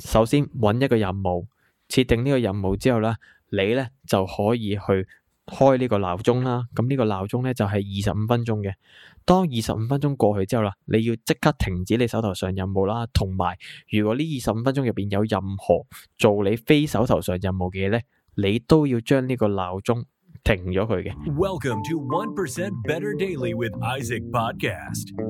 首先搵一個任務，設定呢個任務之後呢，你呢就可以去開呢個鬧鐘啦。咁呢個鬧鐘呢，就係二十五分鐘嘅。當二十五分鐘過去之後啦，你要即刻停止你手頭上任務啦。同埋，如果呢二十五分鐘入邊有任何做你非手頭上任務嘅嘢呢，你都要將呢個鬧鐘停咗佢嘅。Welcome to 1% Better Daily with Isaac Podcast.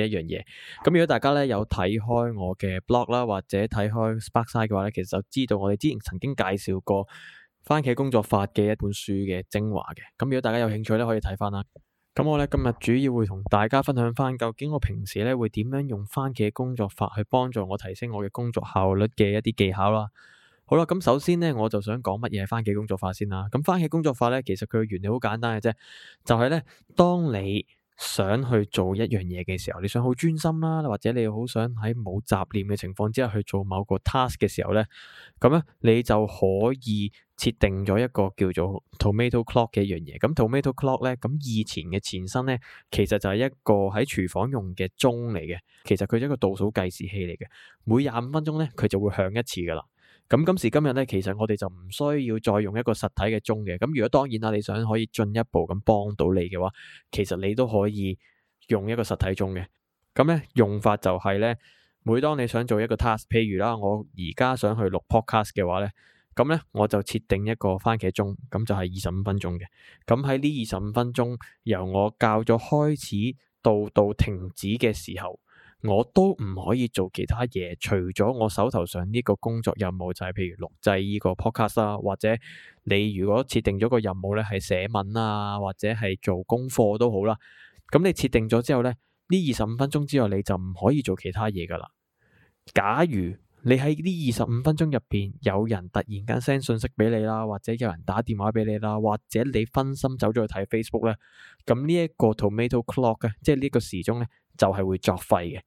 嘅一樣嘢，咁如果大家咧有睇開我嘅 blog 啦，或者睇開 Sparkside 嘅話咧，其實就知道我哋之前曾經介紹過番茄工作法嘅一本書嘅精華嘅。咁如果大家有興趣咧，可以睇翻啦。咁我咧今日主要會同大家分享翻，究竟我平時咧會點樣用番茄工作法去幫助我提升我嘅工作效率嘅一啲技巧啦。好啦，咁首先咧，我就想講乜嘢係番茄工作法先啦。咁番茄工作法咧，其實佢嘅原理好簡單嘅啫，就係咧，當你想去做一樣嘢嘅時候，你想好專心啦，或者你好想喺冇雜念嘅情況之下去做某個 task 嘅時候咧，咁樣你就可以設定咗一個叫做 Tomato Clock 嘅一樣嘢。咁 Tomato Clock 咧，咁以前嘅前身咧，其實就係一個喺廚房用嘅鐘嚟嘅。其實佢係一個倒數計時器嚟嘅，每廿五分鐘咧，佢就會響一次噶啦。咁今時今日咧，其實我哋就唔需要再用一個實體嘅鐘嘅。咁如果當然啦，你想可以進一步咁幫到你嘅話，其實你都可以用一個實體鐘嘅。咁咧，用法就係咧，每當你想做一個 task，譬如啦，我而家想去錄 podcast 嘅話咧，咁咧我就設定一個番茄鐘，咁就係二十五分鐘嘅。咁喺呢二十五分鐘，由我較咗開始到到停止嘅時候，我都唔可以做其他嘢，除咗我手頭上呢個工作任務，就係譬如錄製呢個 podcast 啊，或者你如果設定咗個任務呢係寫文啊，或者係做功課都好啦。咁你設定咗之後呢，呢二十五分鐘之後你就唔可以做其他嘢噶啦。假如你喺呢二十五分鐘入邊有人突然間 send 信息俾你啦，或者有人打電話俾你啦，或者你分心走咗去睇 Facebook 呢，咁呢一個 Tomato Clock 嘅，即係呢個時鐘呢，就係會作廢嘅。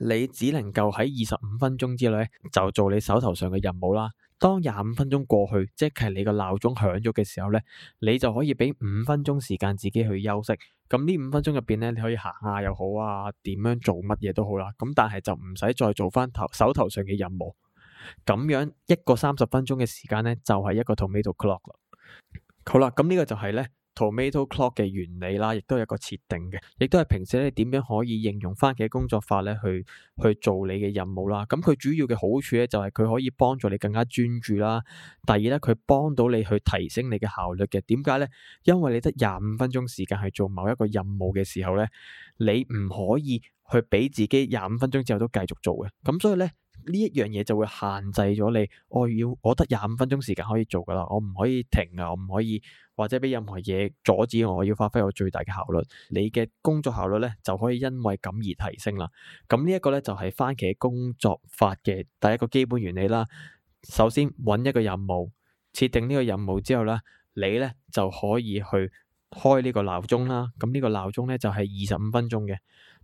你只能夠喺二十五分鐘之內就做你手頭上嘅任務啦。當廿五分鐘過去，即係你個鬧鐘響咗嘅時候呢，你就可以俾五分鐘時間自己去休息。咁呢五分鐘入邊呢，你可以行下又好啊，點樣做乜嘢都好啦。咁但係就唔使再做翻頭手頭上嘅任務。咁樣一個三十分鐘嘅時間呢，就係一個 Tomato Clock 啦。好啦，咁呢個就係呢。Tomato clock 嘅原理啦，亦都係一個設定嘅，亦都係平時咧點樣可以應用翻嘅工作法咧，去去做你嘅任務啦。咁佢主要嘅好處咧，就係佢可以幫助你更加專注啦。第二咧，佢幫到你去提升你嘅效率嘅。點解咧？因為你得廿五分鐘時間係做某一個任務嘅時候咧，你唔可以去俾自己廿五分鐘之後都繼續做嘅。咁所以咧。呢一樣嘢就會限制咗你，哦、我要我得廿五分鐘時間可以做噶啦，我唔可以停啊，我唔可以或者俾任何嘢阻止我，要發揮我最大嘅效率。你嘅工作效率呢就可以因為咁而提升啦。咁呢一個呢，就係、是、番茄工作法嘅第一個基本原理啦。首先揾一個任務，設定呢個任務之後呢，你呢就可以去開呢個鬧鐘啦。咁、嗯、呢、呢個鬧鐘呢，就係二十五分鐘嘅。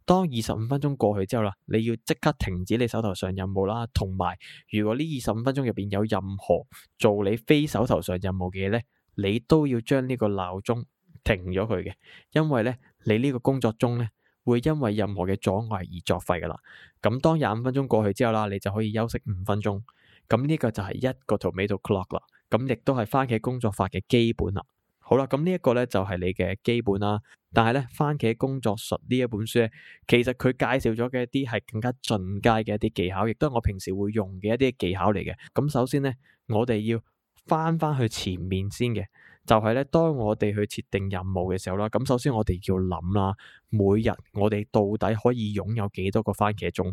當二十五分鐘過去之後啦，你要即刻停止你手頭上任務啦，同埋如果呢二十五分鐘入邊有任何做你非手頭上任務嘅嘢咧，你都要將呢個鬧鐘停咗佢嘅，因為咧你呢個工作中咧會因為任何嘅阻礙而作廢噶啦。咁當廿五分鐘過去之後啦，你就可以休息五分鐘。咁、這、呢個就係一個 tomato clock 啦。咁亦都係番茄工作法嘅基本啦。好啦，咁呢一個咧就係你嘅基本啦。但係咧番茄工作術呢一本書咧，其實佢介紹咗嘅一啲係更加進階嘅一啲技巧，亦都係我平時會用嘅一啲技巧嚟嘅。咁首先咧，我哋要翻翻去前面先嘅，就係、是、咧當我哋去設定任務嘅時候啦。咁首先我哋要諗啦，每日我哋到底可以擁有幾多個番茄鐘？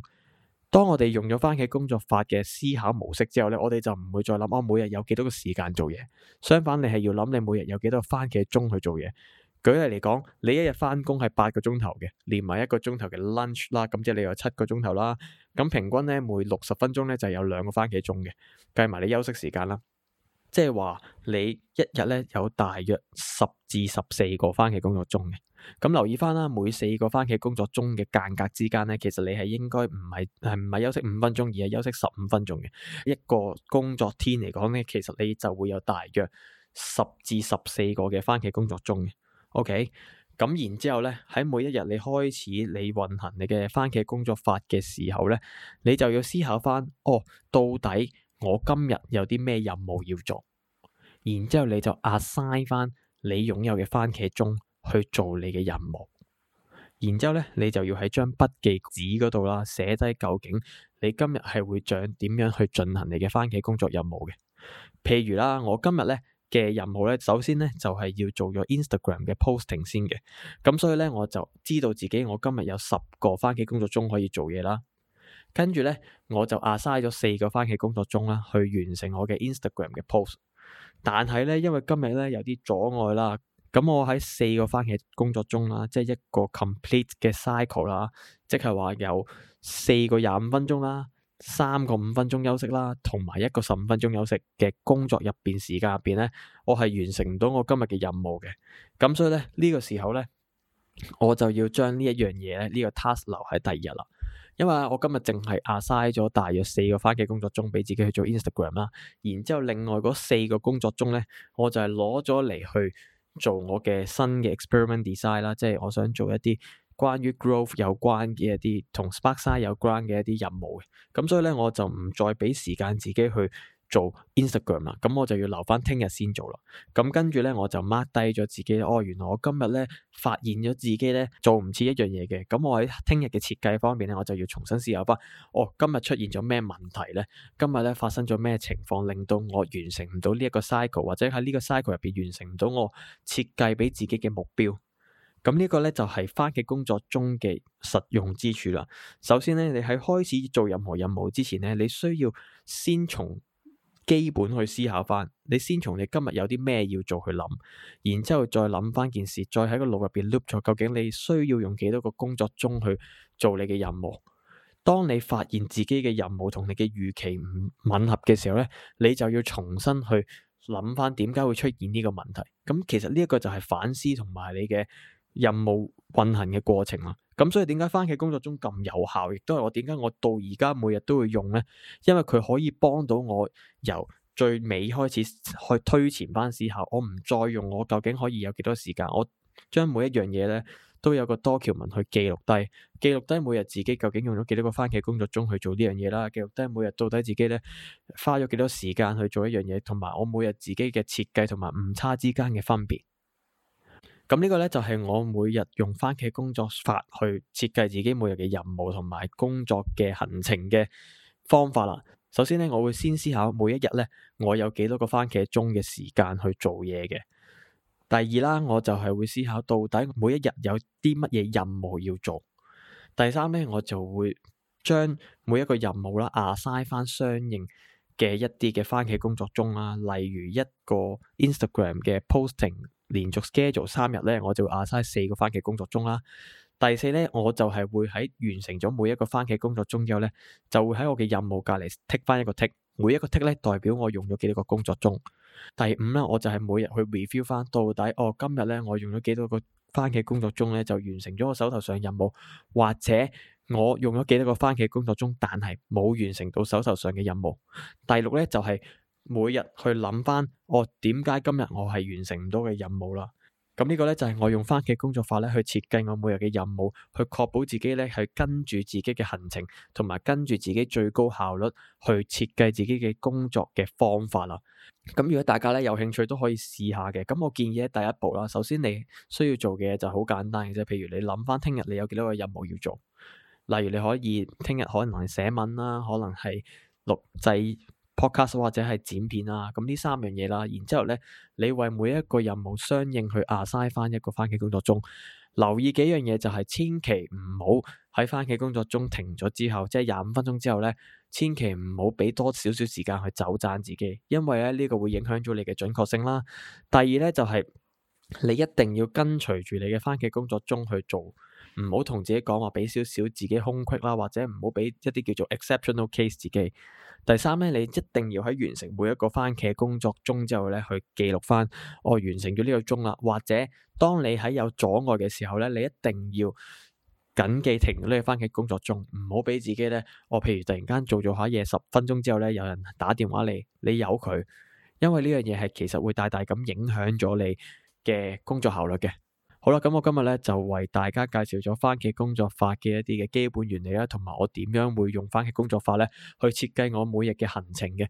當我哋用咗番茄工作法嘅思考模式之後咧，我哋就唔會再諗我、啊、每日有幾多個時間做嘢，相反你係要諗你每日有幾多個番茄鐘去做嘢。舉例嚟講，你一日返工係八個鐘頭嘅，連埋一個鐘頭嘅 lunch 啦，咁即係你有七個鐘頭啦。咁平均咧，每六十分鐘咧就有兩個番茄鐘嘅，計埋你休息時間啦。即係話你一日咧有大約十至十四個番茄工作鐘嘅，咁留意翻啦，每四個番茄工作鐘嘅間隔之間咧，其實你係應該唔係係唔係休息五分鐘，而係休息十五分鐘嘅一個工作天嚟講咧，其實你就會有大約十至十四個嘅番茄工作鐘嘅。OK，咁然之後咧喺每一日你開始你運行你嘅番茄工作法嘅時候咧，你就要思考翻，哦到底。我今日有啲咩任務要做，然之後你就 assign 翻你擁有嘅番茄鐘去做你嘅任務，然之後咧你就要喺張筆記紙嗰度啦，寫低究竟你今日係會想點樣去進行你嘅番茄工作任務嘅。譬如啦，我今日咧嘅任務咧，首先咧就係要做咗 Instagram 嘅 posting 先嘅，咁所以咧我就知道自己我今日有十個番茄工作鐘可以做嘢啦。跟住呢，我就啊嘥咗四個番茄工作鐘啦，去完成我嘅 Instagram 嘅 post。但係呢，因為今日呢有啲阻礙啦，咁我喺四個番茄工作鐘啦，即係一個 complete 嘅 cycle 啦，即係話有四個廿五分鐘啦，三個五分鐘休息啦，同埋一個十五分鐘休息嘅工作入邊時間入邊呢，我係完成唔到我今日嘅任務嘅。咁所以呢，呢個時候呢，我就要將呢一樣嘢呢，呢個 task 留喺第二日啦。因為我今日淨係 assign 咗大約四個番茄嘅工作鐘畀自己去做 Instagram 啦，然之後另外嗰四個工作鐘咧，我就係攞咗嚟去做我嘅新嘅 experiment design 啦，即係我想做一啲關於 growth 有關嘅一啲同 spark side 有關嘅一啲任務嘅，咁所以咧我就唔再畀時間自己去。做 Instagram 啦，咁我就要留翻聽日先做啦。咁跟住呢，我就 mark 低咗自己。哦，原來我今日呢，發現咗自己呢，做唔似一樣嘢嘅。咁我喺聽日嘅設計方面呢，我就要重新思考翻。哦，今日出現咗咩問題呢？今日呢，發生咗咩情況令到我完成唔到呢一個 cycle，或者喺呢個 cycle 入邊完成唔到我設計俾自己嘅目標？咁呢個呢，就係翻嘅工作中嘅實用之處啦。首先呢，你喺開始做任何任務之前呢，你需要先從基本去思考翻，你先從你今日有啲咩要做去諗，然之後再諗翻件事，再喺個腦入邊 loop 咗。究竟你需要用幾多個工作鐘去做你嘅任務？當你發現自己嘅任務同你嘅預期唔吻合嘅時候咧，你就要重新去諗翻點解會出現呢個問題。咁其實呢一個就係反思同埋你嘅任務運行嘅過程啦。咁所以點解番茄工作中咁有效，亦都係我點解我到而家每日都會用呢？因為佢可以幫到我由最尾開始去推前翻思考，我唔再用我究竟可以有幾多時間？我將每一樣嘢咧都有個多橋文去記錄低，記錄低每日自己究竟用咗幾多個番茄工作中去做呢樣嘢啦，記錄低每日到底自己咧花咗幾多時間去做一樣嘢，同埋我每日自己嘅設計同埋誤差之間嘅分別。咁呢個呢，就係、是、我每日用番茄工作法去設計自己每日嘅任務同埋工作嘅行程嘅方法啦。首先呢，我會先思考每一日呢，我有幾多個番茄鐘嘅時間去做嘢嘅。第二啦，我就係會思考到底每一日有啲乜嘢任務要做。第三呢，我就會將每一個任務啦，啊，篩翻相應嘅一啲嘅番茄工作鐘啦、啊，例如一個 Instagram 嘅 posting。連續 schedule 三日咧，我就壓晒四個番茄工作鐘啦。第四咧，我就係會喺完成咗每一個番茄工作鐘之後咧，就會喺我嘅任務隔離 tick 翻一個 tick。每一個 tick 咧，代表我用咗幾多個工作鐘。第五咧，我就係每日去 review 翻到底哦，今日咧我用咗幾多個番茄工作鐘咧，就完成咗我手頭上任務，或者我用咗幾多個番茄工作鐘，但係冇完成到手頭上嘅任務。第六咧，就係。每日去諗翻，哦、我點解今日我係完成唔到嘅任務啦？咁呢個呢，就係、是、我用番茄工作法咧去設計我每日嘅任務，去確保自己呢，係跟住自己嘅行程，同埋跟住自己最高效率去設計自己嘅工作嘅方法啦。咁如果大家呢，有興趣都可以試下嘅。咁我建議咧第一步啦，首先你需要做嘅就好簡單嘅啫，譬如你諗翻聽日你有幾多個任務要做，例如你可以聽日可能係寫文啦，可能係錄製。Podcast 或者係剪片啊，咁呢三樣嘢啦。然之後咧，你為每一個任務相應去啊，篩翻一個番茄工作鐘，留意幾樣嘢，就係千祈唔好喺番茄工作鐘停咗之後，即係廿五分鐘之後呢，千祈唔好俾多少少時間去走賺自己，因為咧，呢個會影響咗你嘅準確性啦。第二呢，就係你一定要跟隨住你嘅番茄工作鐘去做。唔好同自己講話，畀少少自己空隙啦，或者唔好畀一啲叫做 exceptional case 自己。第三呢，你一定要喺完成每一個番茄工作鐘之後呢，去記錄翻我、哦、完成咗呢個鐘啦。或者當你喺有阻礙嘅時候呢，你一定要緊記停呢個番茄工作鐘，唔好俾自己呢。我、哦、譬如突然間做做下嘢，十分鐘之後呢，有人打電話嚟，你由佢，因為呢樣嘢係其實會大大咁影響咗你嘅工作效率嘅。好啦，咁我今日咧就為大家介紹咗番茄工作法嘅一啲嘅基本原理啦，同埋我點樣會用番茄工作法咧去設計我每日嘅行程嘅。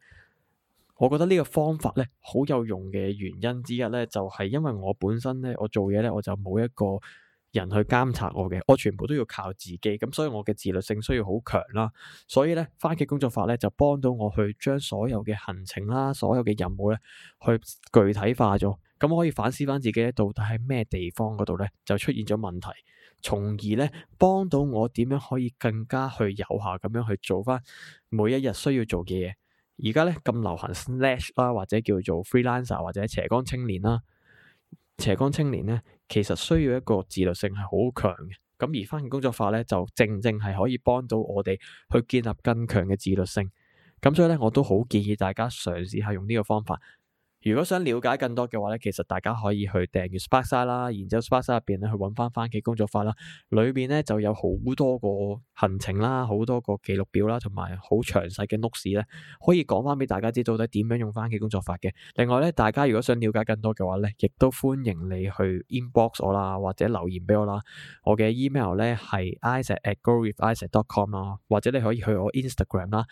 我覺得呢個方法咧好有用嘅原因之一咧，就係因為我本身咧我做嘢咧我就冇一個人去監察我嘅，我全部都要靠自己，咁所以我嘅自律性需要好強啦。所以咧番茄工作法咧就幫到我去將所有嘅行程啦，所有嘅任務咧去具體化咗。咁我可以反思翻自己咧，到底喺咩地方嗰度咧就出現咗問題，從而咧幫到我點樣可以更加去有效咁樣去做翻每一日需要做嘅嘢。而家咧咁流行 slash 啦，或者叫做 freelancer 或者斜槓青年啦，斜槓青年咧其實需要一個自律性係好強嘅。咁而翻工作法咧就正正係可以幫到我哋去建立更強嘅自律性。咁所以咧我都好建議大家嘗試下用呢個方法。如果想了解更多嘅話咧，其實大家可以去訂閱 Sparkside 啦，然之後 Sparkside 入邊咧去揾翻番茄工作法啦。裏邊咧就有好多個行程啦，好多個記錄表啦，同埋好詳細嘅 notes 咧，可以講翻俾大家知到底點樣用番茄工作法嘅。另外咧，大家如果想了解更多嘅話咧，亦都歡迎你去 inbox 我啦，或者留言畀我啦。我嘅 email 咧係 i s a a c at grow with isaac dot com 啦，或者你可以去我 Instagram 啦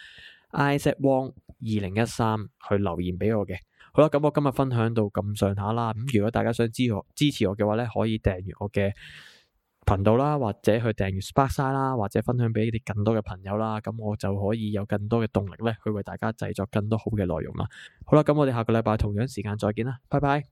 ，i s a a c w o n g 二零一三去留言畀我嘅。好啦，咁我今日分享到咁上下啦。咁如果大家想支持我嘅話咧，可以訂閱我嘅頻道啦，或者去訂閱 Sparks 啦，或者分享俾你更多嘅朋友啦。咁我就可以有更多嘅動力咧，去為大家製作更多好嘅內容啦。好啦，咁我哋下個禮拜同樣時間再見啦，拜拜。